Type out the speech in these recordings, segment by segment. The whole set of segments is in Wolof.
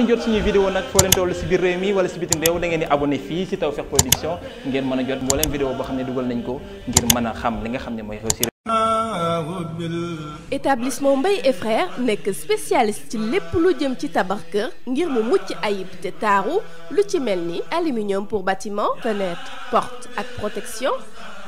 ngeen di jot suñuy vidéo nag foo leen si biir réew mi wala si bitim réew da ngeen di abonné fii si Tawfekh Production ngeen mën a jot mbooleem vidéo boo xam ne dugal nañ ko ngir mën a xam li nga xam ne mooy réussir établissement Mbaye et frères nekk spécialiste ci lépp lu jëm ci tabax kër ngir mu mucc ayib te taaru lu ci mel ni aluminium pour bâtiment fenêtre porte ak protection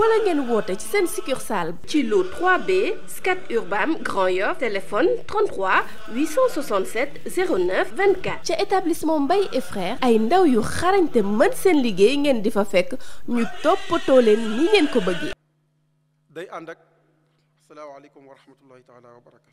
wala ngeen woote ci seen succursale ci lu 3B Scat Urbam Grand Yoff téléphone 33 867 09 24 ca établissement Mbaye et frères ay ndaw yu xarañ te mën seen liggéey ngeen di fa fekk ñu toppatoo leen ni ngeen ko bëggee day ànd ak asalaamaaleykum wa rahmatullahi taala wa barakatu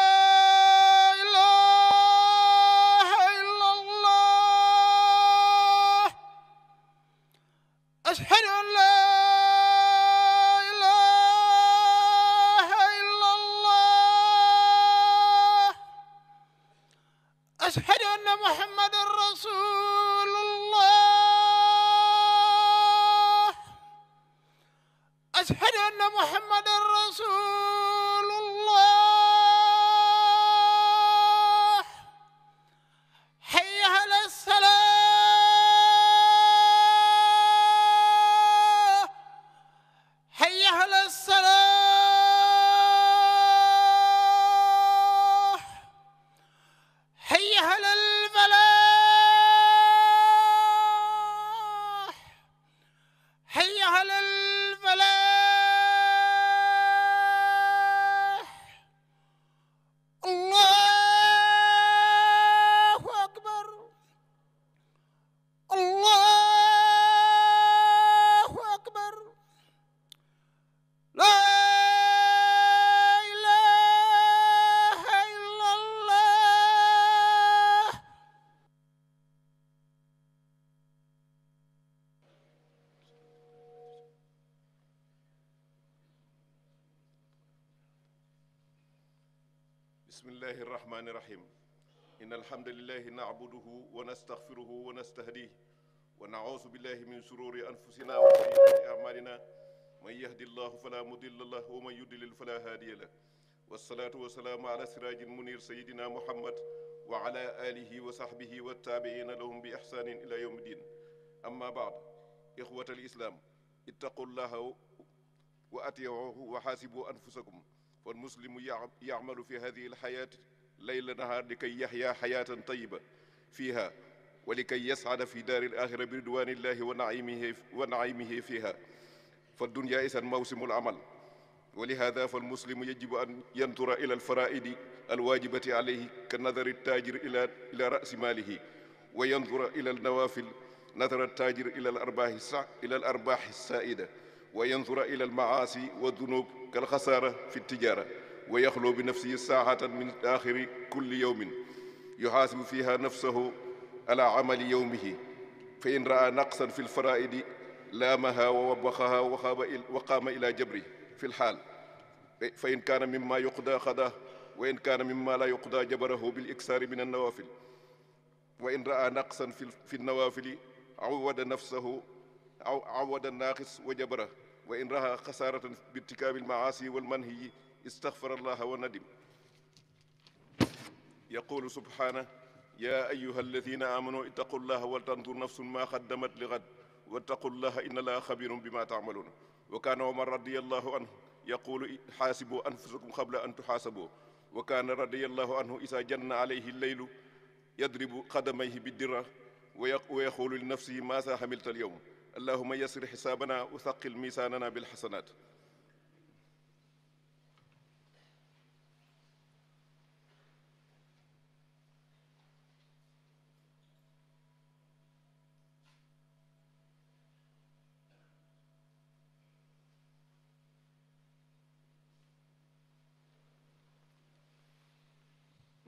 bismillahi irrahmani irrahim in alhamdulilahi nacbuduhu wa nastaxfiruhu wa nastahdih wa nacuudu billahi min sururi anfusina wa sayyiati acmalina man yahdi llahu fala mudilla lah wa man yudlil fala haadiya lah wasalaatu wasalaamu ala siraajil munir sayidina muhammad wa ala alihi wa sahbihi wa taabiina lahum bi ixsaanin ila yawmi din amma baad ixwata al islaam ittaqullaha wa atiicuhu wa xaasibu anfusakum فالمسلم يعمل في هذه الحياة ليل نهار لكي يحيا حياة طيبة فيها ولكي يسعد في دار الآخرة برضوان الله ونعيمه ونعيمه فيها فالدنيا إذا موسم العمل ولهذا فالمسلم يجب أن ينظر إلى الفرائض الواجبة عليه كنظر التاجر إلى إلى رأس ماله وينظر إلى النوافل نظر التاجر إلى الأرباح إلى الأرباح السائدة وينظر إلى المعاصي والذنوب kalxasaara fi tijaara wa yaxloo bi nafsihi saaxatan min axiri kulli yawmin yuxaasibu fiha nafsahu ala amali yawmihi fa in raa naqsan fi lfaraidi laamaha wa wabaxaha wa qaama ila jabri fi lxaal fa in kaana mimma yuqda xada wa in kaana mimma laa yuqda jabarahu bil iksaari min annawafil wa in raa naqsan fi fi nawafili awada nafsahu awada naaqis wa jabarahu wa in raha xasaaratan bi irtikaabi almaasi walmanhiyi istagfara allaha wa nadim yaqulu subhaana yaa ayuha alladina aamanu ittaqu llaha waltandur nafsun maa xaddamat li gad wattaqu llaha inna allaha xabirum bima taamaluuna wa kaana omar radiallahu anhu yaqulu xaasibu anfusakum qabla an tuxaasabu wa kaana radiallahu anhu isaa janna alayhi leylu yadribu qadamayhi bidirra wa yaquulu li nafsihi maa saa xamilta alyowm allahuma yasir xisaabana wa thaqil miisaanana bil xasanaat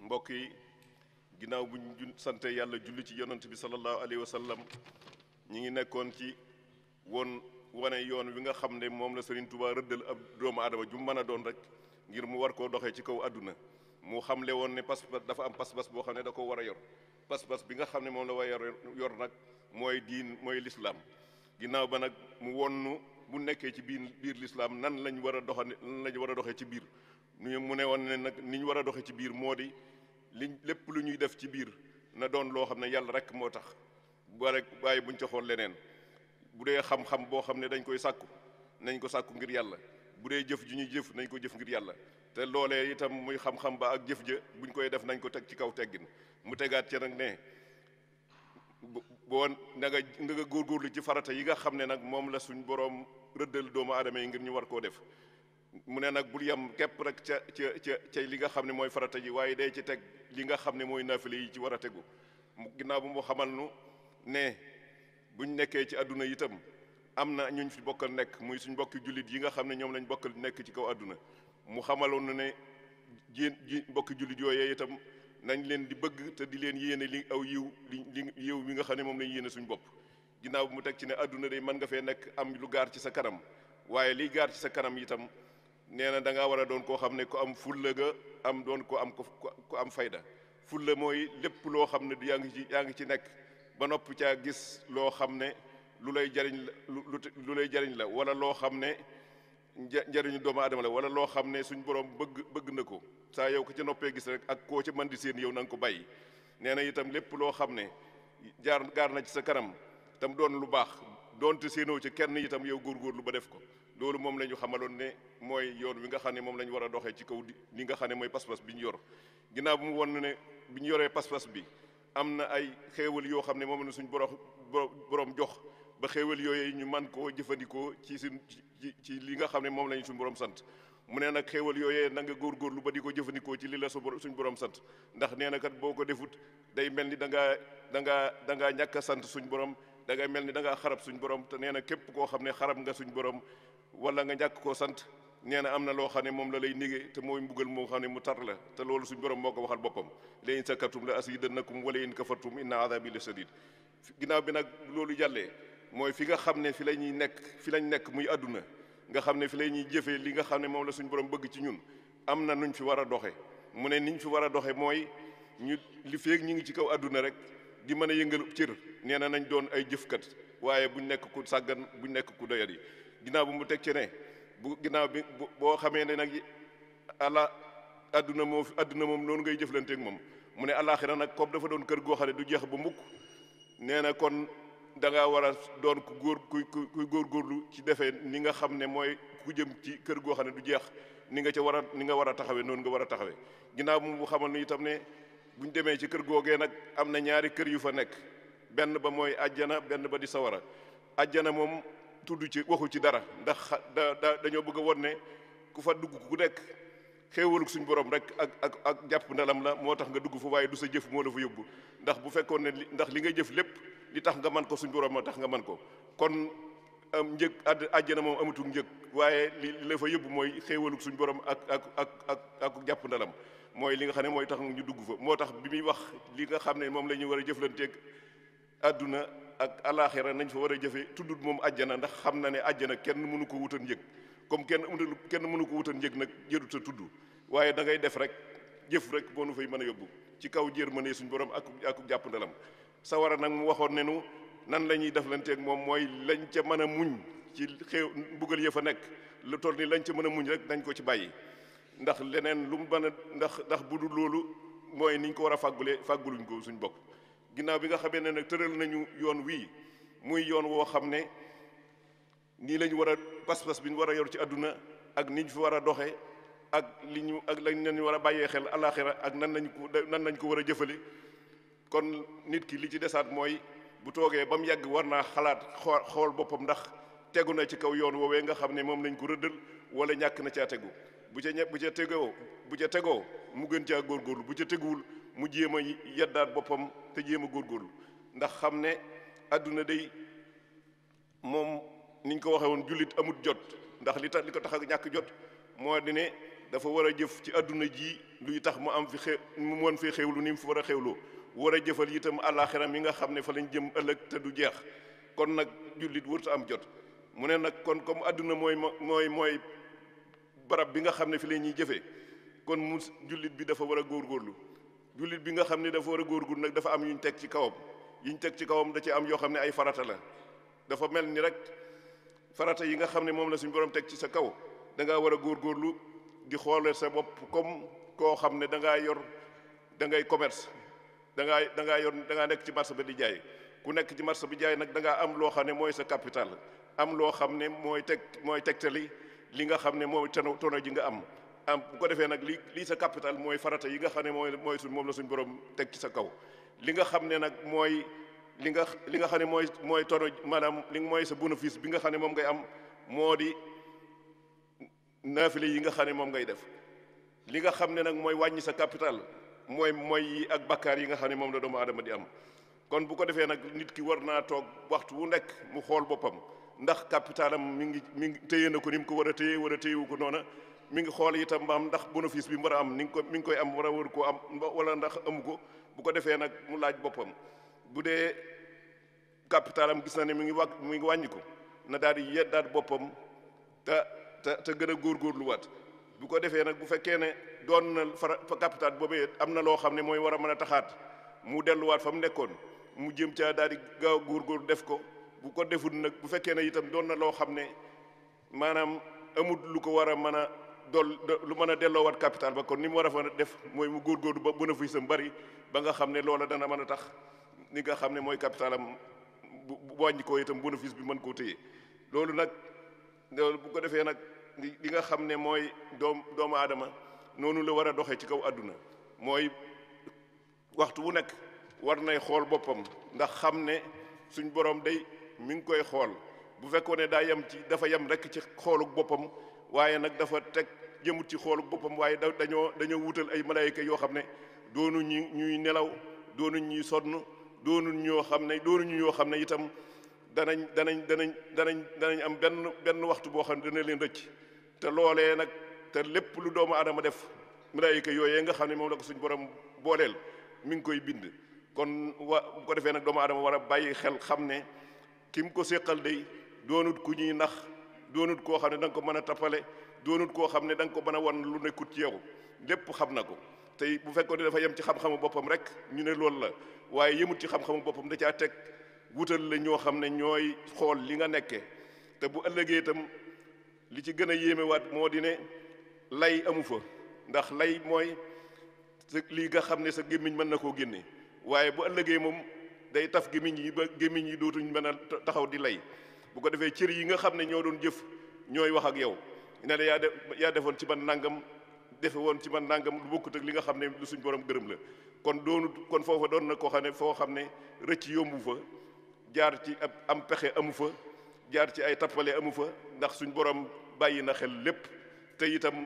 mbokk yi ginnaaw bu ñu sante yàlla julli ci yonent bi sallallahu alayhi wa ñu ngi nekkoon ci woon wane yoon wi nga xam ne moom la Serigne Touba rëddal ab doomu aadama ju mën a doon rek ngir mu war koo doxee ci kaw àdduna mu le woon ne pas-pas dafa am pas-pas boo xam ne da ko war a yor pas-pas bi nga xam ne moom la war a yor nag mooy diin mooy lislaam ginnaaw ba nag mu wonnu bu nekkee ci biir biir lislaam nan lañ war a doxa nan lañ war a doxee ci biir ñu mu ne woon ne nag ni ñu war a doxee ci biir moo di liñ lépp lu ñuy def ci biir na doon loo xam ne yàlla rek moo tax bare waaye buñ ca leneen bu dee xam-xam boo xam ne dañ koy sàkku nañ ko sàkku ngir yàlla bu dee jëf ju ñuy jëf nañ ko jëf ngir yàlla te loolee itam muy xam-xam ba ak jëf ja buñ koy def nañ ko teg ci kaw teggin mu tegaat ca nag ne boo na nga góor góorgóorlu ci farata yi nga xam ne nag moom la suñ boroom rëddal doomu aadama yi ngir ñu war koo def mu ne nag bul yem képp rek ca ca ca ca li nga xam ne mooy farata ji waaye day ci teg li nga xam ne mooy naafile ci war a ne buñ nekkee ci adduna yitam am na ñu fi bokkal nekk muy suñ mbokki jullit yi nga xam ne ñoom lañ bokkal nekk ci kaw àdduna mu xamaloon na ne ji ji mbokki jullit yooyee itam nañ leen di bëgg te di leen yéene li aw yiw li li yiw nga xam ne moom lañ yéene suñ bopp ginnaaw mu teg ci ne àdduna de man nga fee nekk am lu gaar ci sa kanam waaye liy gaar ci sa kanam yitam nee na da ngaa war a doon koo xam ne ku am fulla ga am doon ko am ko am fayda fulla mooy lépp loo xam ne du yaa ci yaa ci nekk ba noppi caa gis loo xam ne lu lay jariñ lu lay jariñ la wala loo xam ne njariñu doomu aadama la wala loo xam ne suñ borom bëgg bëgg na ko saa yow ko ca noppee gis rek ak koo ca man di seen yow na ko bàyyi nee na itam lépp loo xam ne jaar gaar na ci sa kanam tam doon lu baax doonte séenoo ci kenn itam yow góorgóorlu ba def ko loolu moom la ñu xamaloon ne mooy yoon wi nga xam ne moom lañu war a doxee ci kaw li nga xam ne mooy pas-pas bi ñu yor ginnaaw bi mu won ne bi ñu yoree pas bi am na ay xéewal yoo xam ne moom na suñ borom borom jox ba xéewal yooyu ñu man koo jëfandikoo ci suñ ci ci li nga xam ne moom lañu suñ borom sant mu ne nag xéewal yooyee na nga góorgóorlu ba di ko jëfandikoo ci lii la suñ borom sant ndax nee na boo ko defut day mel ni da ngaa da ngaa da ngaa sant suñ borom da ngay mel ni da xarab suñ borom te nee na képp koo xam ne xarab nga suñ borom wala nga ñàkk koo sant nee na am na loo xam ne moom la lay nigee te mooy mbugal moo xam ne mu tar la te loolu suñ borom moo ko waxal boppam la in sakartum la azidannakum wala in kafartum inna azabi la sadid ginnaaw bi nag loolu jàllee mooy fi nga xam ne fi la ñuy nekk fi lañ nekk muy àdduna nga xam ne fi la ñuy jëfee li nga xam ne moom la suñ borom bëgg ci ñun am na nuñ fi war a doxe mu ne niñ fi war a doxe mooy ñu li feeg ñu ngi ci kaw àdduna rek di mën a yëngal cër nee na nañ doon ay jëfkat waaye buñ nekk ku sàggan buñ nekk ku doyat yi ginnaaw bu mu teg ci ne bu ginnaaw bi boo xamee ne nag ala adduna moo adduna moom noonu ngay jëflanteeg moom mu ne alaxira nag comme dafa doon kër goo xam ne du jeex ba mukk nee na kon danga ngaa war a doon ku góor ku kuy góorgóorlu ci defee ni nga xam ne mooy ku jëm ci kër goo xam ne du jeex ni nga ca war a ni nga war a taxawee noonu nga war a taxawee ginnaaw moom bu xamal ni itam ne bu ñu demee ci kër googee nag am na ñaari kër yu fa nekk benn ba mooy àjjana benn ba di sawara àjjana moom tudd ci waxu ci dara ndax da dañoo bëgg a won ne ku fa dugg ku nekk xéewalug suñ borom rek ak ak ak jàpp ndalam la moo tax nga dugg fa waaye du sa jëf moo yóbbu ndax bu fekkoon ne ndax li nga jëf lépp li tax nga man ko suñ borom a tax nga man ko kon am njëg àdd moom amatul njëg waaye li la mooy xéewalug suñ borom ak ak ak ak ak jàpp ndalam mooy li nga xam ne mooy tax ñu dugg fa moo tax bi muy wax li nga xam ne moom la ñu war a jëflanteeg àdduna ak alaxira nañ fa war a jëfe tuddut moom àjjana ndax xam na ne àjjana kenn mënu ko wutan njëg comme kenn mënu kenn mënu ko wutan njëg nag jëruta tudd waaye da def rek jëf rek boo nu fay mën a yóbbu ci kaw jër ne suñ borom ak ak jàpp ndalam sawara nag mu waxoon ne nu nan la ñuy def lanteeg moom mooy lañ ca mën a muñ ci xew mbugal fa nekk lu toll ni lañ ca mën a muñ rek nañ ko ci bàyyi ndax leneen lu mu mën a ndax ndax bu dul loolu mooy niñ ko war a fàggule fàgguluñ ko suñ bokk ginnaaw bi nga xamee ne nag tëral nañu yoon wii muy yoon woo xam ne nii lañu war a pas-pas bi ñu war a yor ci àdduna ak nit ñu fi war a doxe ak li ñu ak lañ lañu war a bàyyee xel alaxira ak nan lañ ko nan lañ ko war a jëfale kon nit ki li ci desaat mooy bu toogee ba mu yàgg war naa xalaat xool boppam ndax tegu na ci kaw yoon woowee nga xam ne moom lañ ko rëddal wala ñàkk na caa tegu bu ca ñe bu ca tegoo bu ca tegoo mu gën caa góorgóorlu bu ca teguwul mu jéem a yeddaat boppam te jéem góor góorlu ndax xam ne àdduna day moom niñ ko waxee woon jullit amut jot ndax li tax li ko tax ak ñàkk jot moo di ne dafa war a jëf ci àdduna ji luy tax mu am fi xew mu xewlu ni mu war a xewloo war a jëfal itam àllaaxira mi nga xam ne fa lañ jëm ëllëg te du jeex kon nag jullit warut am jot mu ne nag kon comme àdduna mooy mooy mooy barab bi nga xam ne fi la ñuy jëfee kon mu jullit bi dafa war a góor góorlu jullit bi nga xam ne dafa war a góorgóorlu nag dafa am ñu teg ci kawam yu ñu teg ci kawam da ci am yoo xam ne ay farata la dafa mel ni rek farata yi nga xam ne moom la suñu borom teg ci sa kaw dangaa war a góor góorlu di xoole sa bopp comme koo xam ne da ngaa yor da ngay commerce da yor da ngaa nekk ci marché ba di jaay ku nekk ci marché bi jaay nag da am loo xam ne mooy sa capital am loo xam ne mooy teg mooy tegtali li nga xam ne mooy tono tono ji nga am. am bu ko defee nag li lii sa capital mooy farata yi nga xam ne mooy mooy suñ moom borom teg ci sa kaw li nga xam ne nag mooy li nga li xam ne mooy mooy tono maanaam li mooy sa bénéfice bi nga xam ne moom ngay am moo di naafile yi nga xam ne moom ngay def li nga xam ne nag mooy wàññi sa capital mooy mooy yi ak bakkaar yi nga xam ne moom la doomu adama di am kon bu ko defee nag nit ki war naa toog waxtu wu nekk mu xool boppam ndax capitalam mu ngi mi ngi téye na ko ni mu ko war a téye war a téyewu ko noona mi ngi xool itam mbaam am ndax bénéfice bi mu war a am ni nga ko mi ngi koy am war a war ko am wala ndax amu ko bu ko defee nag mu laaj boppam bu dee capital am gis na ne mi ngi wàcc mi ngi wàññi ko na daal di yeddaat boppam te gën a góorgóorluwaat bu ko defee nag bu fekkee ne doon na fara capital boobee am na loo xam ne mooy war a mën a taxaat mu delluwaat fa mu nekkoon mu jëm caa daal gaaw góor góor def ko bu ko defut nag bu fekkee na itam doon na loo xam ne maanaam amut lu ko war a mën a. dool lu mën a delloowaat capital ba kon ni mu war a fa def mooy mu góorgóorlu ba bénéfice am bari ba nga xam ne loola dana mën a tax ni nga xam ne mooy capital am bu wàññi itam bénéfice bi mën koo loolu nag loolu bu ko defee nag li nga xam ne mooy doom doomu aadama noonu la war a doxee ci kaw àdduna mooy waxtu wu nekk war nay xool boppam ndax xam ne suñ borom day mi ngi koy xool bu fekkoon ne daa yem ci dafa yem rekk ci xooluk boppam waaye nag dafa teg jëmut ci xoolu boppam waaye da dañoo dañoo wutal ay malaayika yoo xam ne doonu ñu ñuy nelaw doonu ñuy sonn doonu ñoo xam ne doonu yoo xam ne itam danañ danañ danañ danañ danañ am benn benn waxtu boo xam ne dana leen rëcc te loolee nag te lépp lu doomu adama def malaayika yooyee nga xam ne moom la ko suñ borom booleel mi ngi koy bind kon wa bu ko defee nag doomu aadama war a bàyyi xel xam ne ki mu ko séqal day doonut ku ñuy nax doonut koo xam ne da nga ko mën a tappale doonut koo xam ne da nga ko bana a wan lu nekkut ci yow lépp xam na ko tey bu fekkoon ne dafa yem ci xam-xamu boppam rek ñu ne loolu la waaye yemut ci xam-xamu boppam da caa teg wutal la ñoo xam ne ñooy xool li nga nekke te bu ëllëgee itam li ci gën a yéemewaat moo di ne lay amu fa ndax lay mooy lii nga xam ne sa gémmiñ mën na koo génne waaye bu ëllëgee moom day taf gémmiñ yi ba gémmiñ yi dootuñ mën a taxaw di lay bu ko defee cër yi nga xam ne ñoo doon jëf ñooy wax ak yow ne la yaa def yaa defoon ci man nangam defe woon ci man nangam lu bokkut ak li nga xam ne lu suñ borom gërëm la kon doonu kon foofa doon na koo xam ne foo xam ne rëcc yombu fa jaar ci ab am pexe amu fa jaar ci ay tappale amu fa ndax suñ borom bàyyi na xel lépp te itam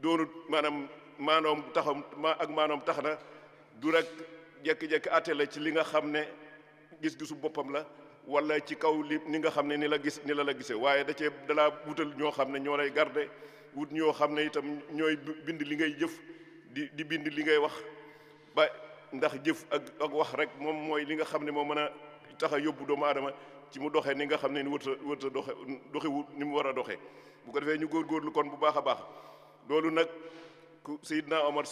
doonu maanaam maanoom taxam ma ak maanoom tax na du rek jekki-jekki àtte la ci li nga xam ne gis-gisu boppam la wala ci kaw li ni nga xam ne ni la gis ni la la gise waaye da cee dalaa wutal ñoo xam ne ñoo lay garde wut ñoo xam ne itam ñooy bind li ngay jëf di di bind li ngay wax ba ndax jëf ak wax rek moom mooy li nga xam ne moo mën a tax yóbbu doomu aadama ci mu doxee ni nga xam ne ni wërta wërta doxe doxe ni mu war a doxee bu ko defee ñu góor góorlu kon bu baax a baax loolu nag ku Seydina Omar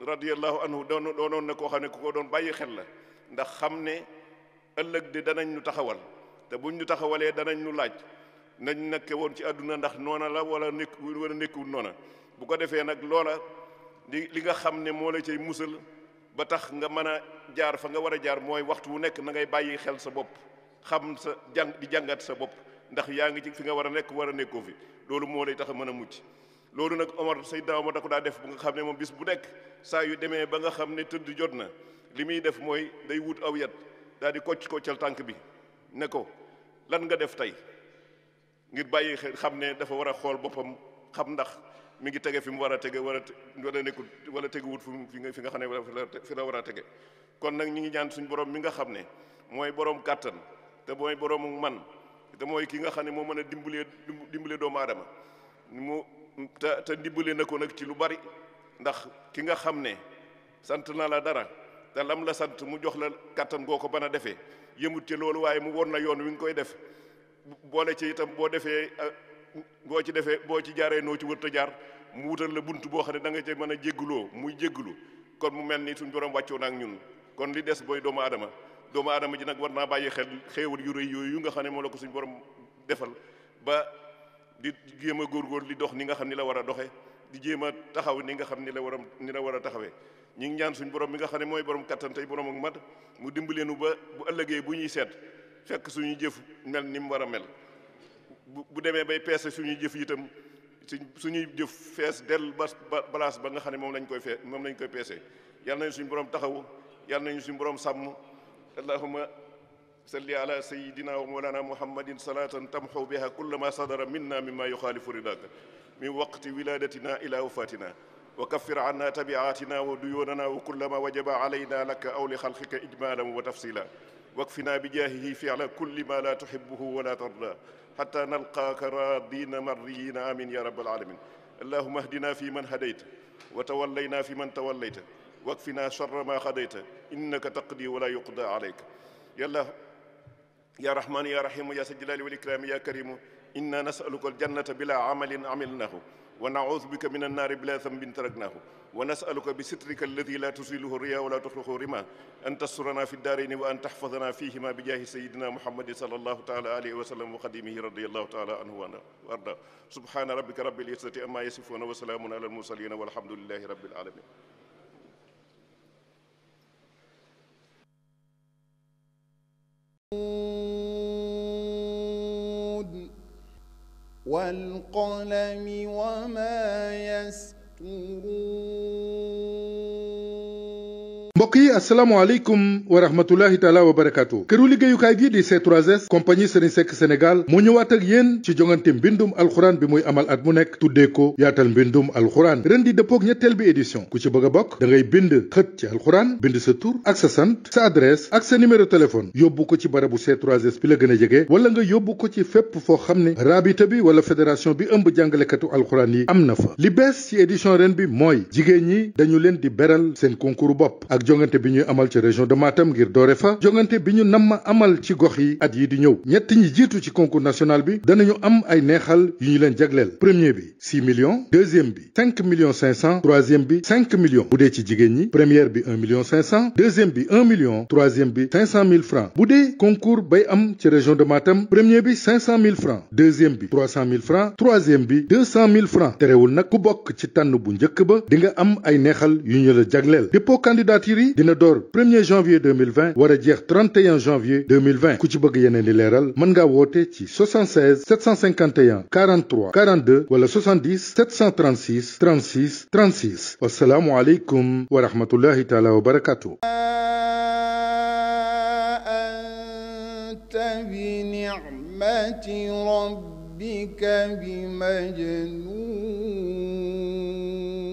radiyallahu anhu doon doonoon na koo xam ne ku ko doon bàyyi xel la ndax xam ne ëllëg di danañ ñu taxawal te bu ñu taxawalee danañ ñu laaj nañ nekke woon ci àdduna ndax noona la wala nekk wala nekkiwul noona bu ko defee nag loola li li nga xam ne moo la cay musal ba tax nga mën a jaar fa nga war a jaar mooy waxtu wu nekk na ngay bàyyi xel sa bopp xam sa jàng di jàngat sa bopp ndax yaa ngi ci fi nga war a nekk war a nekkoo fi loolu moo lay tax a mën a mucc loolu nag Omar Seydina Omar da ko daa def bu nga xam ne moom bis bu nekk saa yu demee ba nga xam ne tëdd jot na li muy def mooy day wut aw yat daal di kocc koccal tànk bi ne ko lan nga def tey ngir bàyyi xam ne dafa war a xool boppam xam ndax mi ngi tege fi mu war a tege wala wala nekkul wala tegewut fi fi nga xam ne fi la war a tege kon nag ñu ngi ñaan suñu borom mi nga xam ne mooy borom kàttan te mooy borom man te mooy ki nga xam ne moo mën a dimbalee dimbalee doomu aadama mu te te dimbalee na ko nag ci lu bari ndax ki nga xam ne sant na la dara. te lam la sant mu jox la kàttan goo ko mën a defee yëmut ci loolu waaye mu won la yoon wi nga koy def boole ci itam boo defee eh, boo ci defee boo ci jaaree noo ci wërta jaar mu wutal la bunt boo xam ne da nga ci mën a jégguloo muy jéggulu kon mu mel ni suñ borom wàccoo na ak ñun kon li des booy doomu aadama doomu aadama ji nag war naa bàyyi xel xéewal yu rëy yooyu nga xam ne moom la ko suñ borom defal ba di jéem a góor li dox ni nga xam ni la war a doxe di jéem a taxaw ni nga xam ni la war a ni la war a taxawee ñu ngi ñaan suñu borom mi nga xam ne mooy borom kattan tey borom ak mat mu dimbali nu ba bu ëllëgee bu ñuy seet fekk suñu jëf mel ni mu war a mel bu bu demee bay peese suñu jëf itam suñ suñuy jëf fees dell bas balaas ba nga xam ne moom lañ koy fee moom lañ koy peese yàlla nañu suñu borom taxaw yàlla nañu suñu borom sàmm allahumma salli ala sayidina wa mawlana muhammadin salatan tamxu biha kulla ma sadara minna mimma yuxaalifu ridaka min waqti wiladatina ila wafatina wa kaffir anna tabi'atina wa duyuunana wa kullama wajaba alayna laka aw li xalqika ijmalan wa tafsila wakfina bi jaahihi fi'la kulli ma la tuhibbuhu wa la tarda hatta nalqaaka raadina mardiina amin ya rabbal alamin allahumma ahdina fi man hadayta wa tawallayna fi man tawallayta wakfina sharra ma qadayta innaka taqdi wa la yuqda alayka yàlla ya rahmaan ya rahiim ya sajjalaali wal ikraam ya kariim inna nasaluka aljannata bila amalin amilnahu wa naudu bika min annaari bila zambin taraknaahu wa nasaluka bi sitrika alladi la tusiluhu riya wala tuxluhu rima an tasturana fi daarayni wa an taxfadana fihima bi jaahi sayidina muhammadin sal allahu taala alayhi wa sallam wa xadimihi radi allahu taala anhu wa arda subhana rabbika rabbil izzati amma yasifuuna wa salaamun ala almursalina walhamdulilahi rabbil alamin Thank you. والقلم وما يسطرون mbokk yi asalaamaaleykum wa rahmatulahi taala wa barakaatu këru liggéeyukaay gi di C3S compagnie Serigne Seck Sénégal moo ñëwaat ak yéen ci jongante mbindum alxuraan bi muy amal at mu nekk tuddee ko yaatal mbindum alxuraan ren di dëppook ñetteel bi édition ku ci bëgg a bokk da ngay bind xët ci alxuraan bind sa tur ak sa sant sa adresse ak sa numéro téléphone yóbbu ko ci barabu C3S bi la gën a jege wala nga yóbbu ko ci fépp foo xam ne raabita bi wala fédération bi ëmb jàngalekatu alxuraan yi am na fa li bees édition ren bi mooy jigéen ñi dañu leen di beral seen concours bopp ak jongante bi ñuy amal ci région de Matam ngir doore fa jongante bi ñu namm amal ci gox yi at yi di ñëw ñett ñi jiitu ci concours national bi danañu am ay neexal yu ñu leen jagleel premier bi million millions deuxième bi 5 millions 500 troisième bi 5 millions bu dee ci jigéen ñi première bi 1 million 500 deuxième bi 1 million troisième bi 500 000 francs bu dee concours bay am ci région de Matam premier bi 500 000 francs deuxième bi 300 000 francs troisième bi 200 000 francs terewul nag ku bokk ci tànn bu njëkk ba di nga am ay neexal yu ñu la jagleel dépôt candidature bi dina door 1er janvier 2020 war a jeex 31 janvier 2020 ku ci bëgg yeneen di leeral mën ngaa woote ci 76 751 43 42 wala 70 736 36 36 wasalaamu aleykum wa rahmatullahi taala wa barakatuh بنعمة